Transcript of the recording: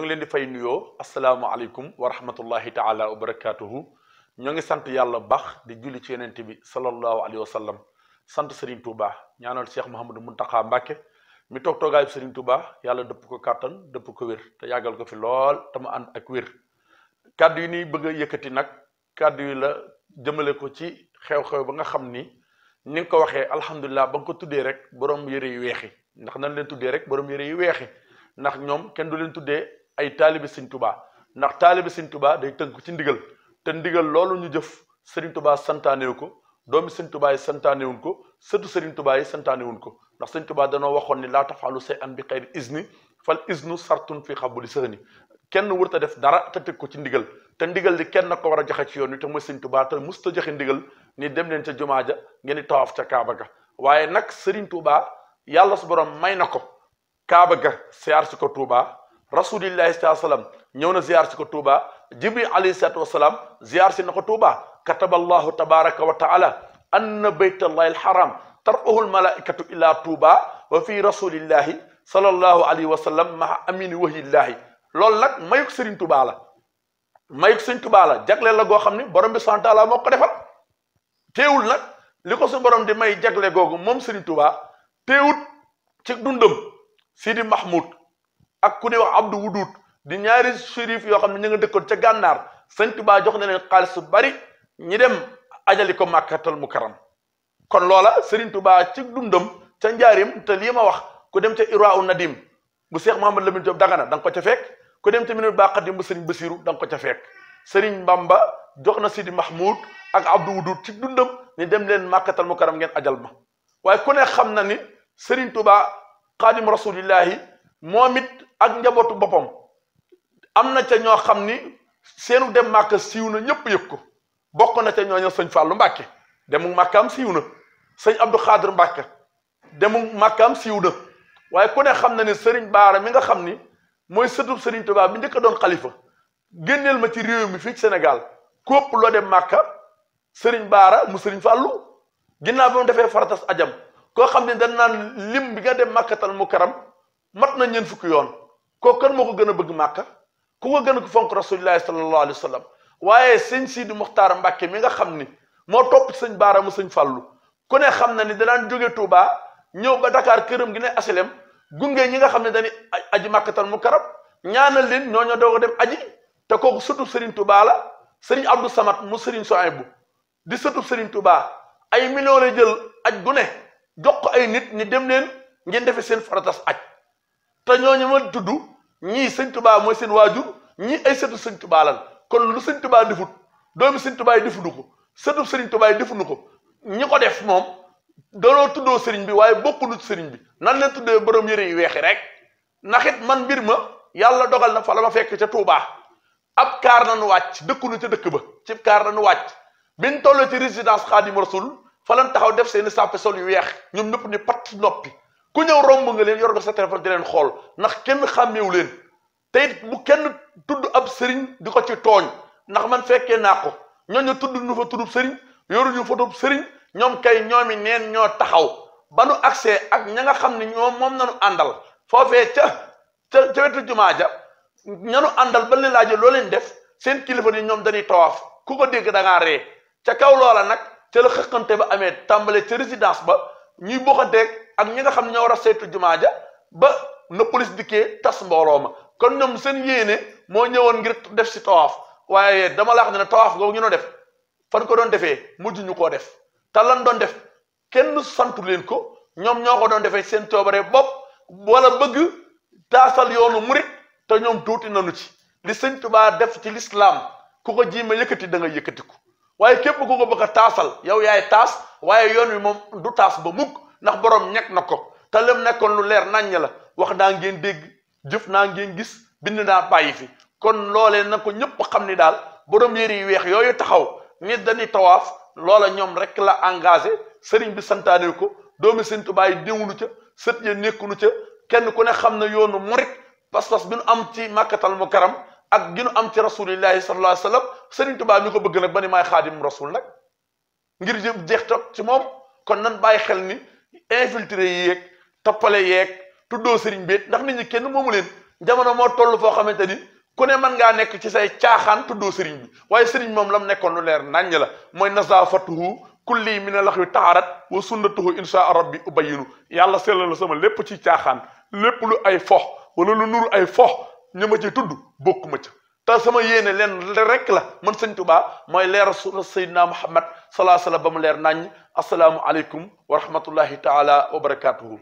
ñu leen di fay nuyoo asalaamaaleykum wa rahmatullahi taala wa barakaatuhu ñoo ngi sant yàlla baax di julli ci yenente bi sallallahu alayhi wa sallam sant Serigne Touba ñaanal Cheikh Mouhamadou Mountakha Mbacké mi toog toogaayub Serigne Touba yàlla dëpp ko kàttan dëpp ko wér te yàggal ko fi lool te mu ànd ak wér kàddu yi nii bëgga a yëkkati nag kàddu yi la jëmale ko ci xew-xew ba nga xam ni ni nga ko waxee alhamdulilah ba nga ko tuddee rek borom yëre yu weexi ndax nan leen tuddee rek borom yëre yu weexi ndax ñoom kenn du leen tuddee ay taalibe sëñ tubaa ndax taalibe sëñ tubaa day tënk ci ndigal te ndigal loolu nu jëf sëriñ tubaa santaanewu ko doomi sëñ tubaa yi ko sëtu sëriñ tubaa yi santaanewuñ ko ndax sëñ tubaa danoo waxoon ni laa tafaalu say an bi xayri isni fal isnu sartun fi xabuli sëni kenn wërta def dara te teg ko ci ndigal te ndigal di kenn ko war a joxe ci yoon wi te mooy sëñ tubaa te musta joxe ndigal ni dem leen ca jumaa ja ngeen di tawaaf ca kaaba ga waaye nag sëriñ tubaa yàlla su borom may na ko kaaba ga siyaar si ko tuubaa rasulillahi sallallahu alayhi ñëw na ziar si ko Touba jibril alayhi salatu wasalaam ziar si na ko Touba kataballahu tabaraka wa taala anna baytallahi alharam tar'uhu almalaikatu ila Touba wa fi rasulillahi sallallahu alayhi wa sallam maha amini wahillahi loolu nag mayuk Serigne Touba la mayuk Serigne Touba la jagleel la goo xam ni borom bi sant ala moo ko defal teewul nag li ko suñu borom di may jagle googu moom Serigne Touba teewut ci dundam Sidi Mahmoud ak ku ne wax Abdou Wuduut di ñaari shérif yoo xam ne ñu nga dëkkoon ca gànnaar sëñ Tuubaa jox na leen xaalis bu bari ñi dem ajali ko màkkatal mukarram kon loola sëriñ Serigne Touba ci dundam ca njaarim te lii ma wax ku dem ca Irwaa dim bu Cheikh Mouhamed Lamine Diop Dagana da nga ko ca fekk ku dem ca Minanul Baaqadim bu Serigne Basiru da nga ko ca fekk Serigne Bamba jox na Sidi Mahmoud ak Abdou Wuduut ci dundam ni dem leen màkkatal mukarram ngeen ajal ma waaye ku ne xam na ni Serigne Touba xaadim rasulillahi it ak njabootu boppam am na ca ñoo xam ni seenu dem màkk siiw na ñëpp yëg ko bokk na ca ñooñu sëñ Fallou Mbacke demug màkkaam siiw na sëñ Abdou Khadir Mbacke demug màkkaam siiw na waaye ku ne xam na ne Serigne Baara mi nga xam ni mooy sëtub Serigne Touba bi njëkk a doon xalifa génneel ma ci réew mi fii ci Sénégal képp loo dem màkka Serigne Baara mu Serigne Fallou ginnaa bi mu defee faratas ajam koo xam ne dañ naan lim bi nga dem màkkatal mu karam mat na ñeent fukki yoon. kooku kan moo ko gën a bëgg màkka ku gën a ko fonk rasulillahi sallallahu alayhi wa sallam waaye sëñ Sidi Muxtaar Mbàkke mi nga xam ni moo topp sëñ baaramu sëñ fàllu ku ne xam na ni danaan jóge Touba ñëw ba Dakar këram gi ne asilem gunge ñi nga xam ne dañuy aji màkkatal mu karab ñaanal leen ñoo ñoo doog dem aji te kooku sëtub Serigne Touba la Serigne Abdou Samad mu Serigne Soaybu di sëtub sëriñ Touba ay millions lay jël aj gu ne jox ko ay nit ni dem leen ngeen defe seen faratas aj te ñooñu ma tudd ñii sëñ tubaa mooy seen waajur ñii ay sëtu sëñ tubaa lan kon lu sëñ tubaa defut doomi sëñ tubaa yi defuñu ko sëtu sëriñ tubaa yi defuñu ko ñi ko def moom danoo tuddoo sëriñ bi waaye bokkunu sëriñ bi nan leen tuddee borom yëre yu weexi rek ndax man mbir ma yàlla dogal na fa la ma fekk ca tuubaa ab kaar nu wàcc dëkkunu ca dëkk ba ci kaar nu wàcc biñ toll ci résidence xaadim rasul fa lan taxaw def seeni sàppe sol yu weex ñoom ñëpp ni pat noppi ku ñëw romb nga leen yor nga sa téléphone di leen xool ndax kenn xàmmeewu leen te it bu kenn tudd ab sëriñ di ko ci tooñ ndax man fekkee naa ko ñooñu tudd ñu fa tuddub sëriñ yoruñu fotub sëriñ ñoom kay ñoomi neen ñoo taxaw ba nu accès ak ña nga xam ne ñoom moom nanu àndal foofee ca ca ca wetu jumaa ja ñanu àndal ba leen laajee loo leen def seen kilifa yi ñoom dañuy tawaaf ku ko dégg da ngaa ree ca kaw loola nag ca la xëqante ba amee tàmbale ca résidence ba ñuy boxanteeg ak ñi nga xam ne ñoo war a saytu jumaa ba na police dikkee tas mbooloo ma kon ñoom seen yéene moo ñëwoon ngir def si tawaaf waaye dama la wax ne tawaaf googu ñu no def fan ko doon defee mujj ñu koo def te lan doon def kenn santu leen ko ñoom ñoo ko doon defee seen coobare bopp wala bëgg taasal yoonu murit te ñoom tuuti nanu ci li sëñ tubaa def ci lislaam ku ko jiima yëkkati da nga yëkkati waaye képp ku ko bëgg a taasal yow yaay taas waaye yoon wi moom du taas ba mukk ndax borom ñekk na ko te lem nekkoon lu leer naññ la wax naa ngeen dégg jëf naa ngeen gis bind naa bàyyi fi kon loolee na ko ñëpp xam ni daal borom yére yu weex yooyu taxaw nit dañuy tawaaf loola ñoom rek la engagé sëriñ bi santaane ko doomi sëriñ Tuubaa yi déwunu ca sët ya nekkunu ca kenn ku ne xam na yoonu murit pas-pas bi nu am ci màkkatal mu karam ak gi nu am ci rasulillahi sallallahu alayhi wa sallam Sëriñ Tuubaa ñu ko bëgg nag ba ni maay xaadim rasul nag ngir jëm jeex toog ci moom kon nan bàyyi xel ni infiltré yeeg toppale yeeg tuddoo sëriñ beet ndax nit ñi kenn moomu leen jamono moo toll foo xamante ni ku ne mën ngaa nekk ci say caaxaan tuddoo sëriñ bi waaye sëriñ moom lam nekkoon lu leer naññ la mooy nazaafatuhu kulli min alax yu taharat wa sunnatuhu insha rabbi ubayinu yàlla sellal la sama lépp ci caaxaan lépp lu ay fox wala lu nuru ay fox ña ma ci tudd bokk ma ca sama yéene leen rek la man sëñ Tuubaa mooy leer sura Seydina Muhammad salaa sala ba mu leer naññ asalaamu aleykum wa rahmatullahi taala wa barakaatuhu